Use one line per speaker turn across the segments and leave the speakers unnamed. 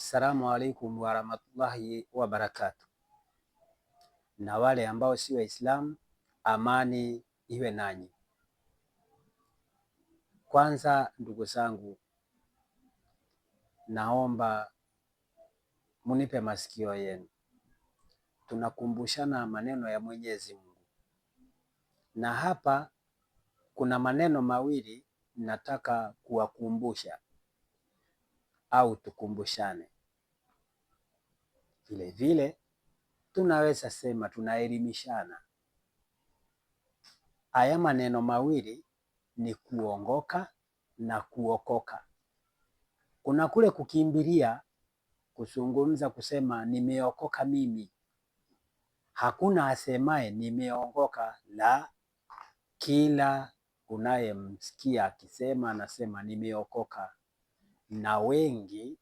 Salamu alaikum warahmatullahi wabarakatu. Na wale ambao si Waislamu, amani iwe nanyi. Kwanza ndugu zangu, naomba munipe masikio yenu. Tunakumbushana maneno ya Mwenyezi Mungu, na hapa kuna maneno mawili nataka kuwakumbusha au tukumbushane. Vile vile tunaweza sema tunaelimishana. Haya maneno mawili ni kuongoka na kuokoka. Kuna kule kukimbilia kuzungumza kusema nimeokoka mimi. Hakuna asemaye nimeongoka la kila unayemsikia akisema anasema nimeokoka na wengi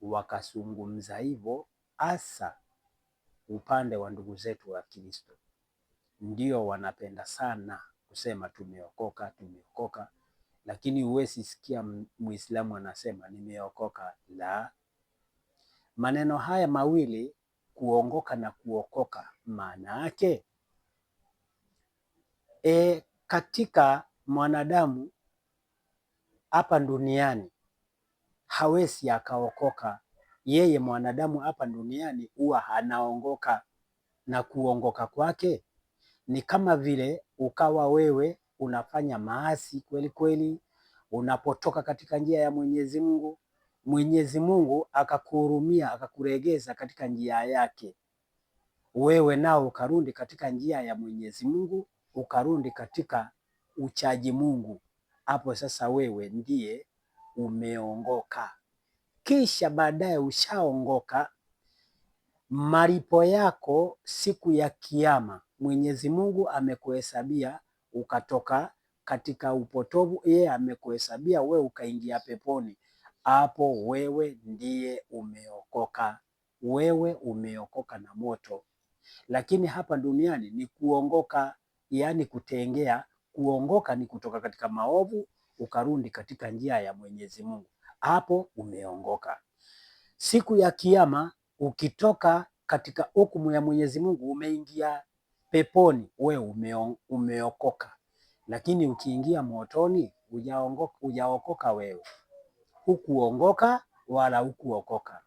wakazungumza hivyo, hasa upande wa ndugu zetu wa Kristo, ndio wanapenda sana kusema tumeokoka, tumeokoka, lakini huwezi sikia Muislamu anasema nimeokoka. La, maneno haya mawili kuongoka na kuokoka, maana yake e, katika mwanadamu hapa duniani hawezi akaokoka. Yeye mwanadamu hapa duniani huwa anaongoka, na kuongoka kwake ni kama vile ukawa wewe unafanya maasi kweli kweli, unapotoka katika njia ya Mwenyezi Mungu, Mwenyezi Mungu akakuhurumia akakuregeza katika njia yake, wewe nao ukarudi katika njia ya Mwenyezi Mungu, ukarudi katika uchaji Mungu. Hapo sasa wewe ndiye umeongoka. Kisha baadaye ushaongoka, malipo yako siku ya Kiyama Mwenyezi Mungu amekuhesabia ukatoka katika upotovu, yeye amekuhesabia we ukaingia peponi. Hapo wewe ndiye umeokoka, wewe umeokoka na moto. Lakini hapa duniani ni kuongoka, yaani kutengea. Kuongoka ni kutoka katika maovu ukarudi katika njia ya Mwenyezi Mungu, hapo umeongoka. Siku ya Kiyama ukitoka katika hukumu ya Mwenyezi Mungu, umeingia peponi, we umeokoka, lakini ukiingia motoni hujaokoka wewe, hukuongoka wala hukuokoka.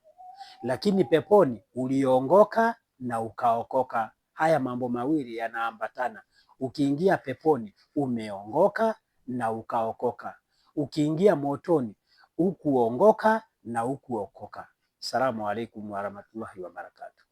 Lakini peponi uliongoka na ukaokoka. Haya mambo mawili yanaambatana. Ukiingia peponi umeongoka, na ukaokoka. Ukiingia motoni hukuongoka na hukuokoka. Salamu alaikum warahmatullahi wabarakatuh.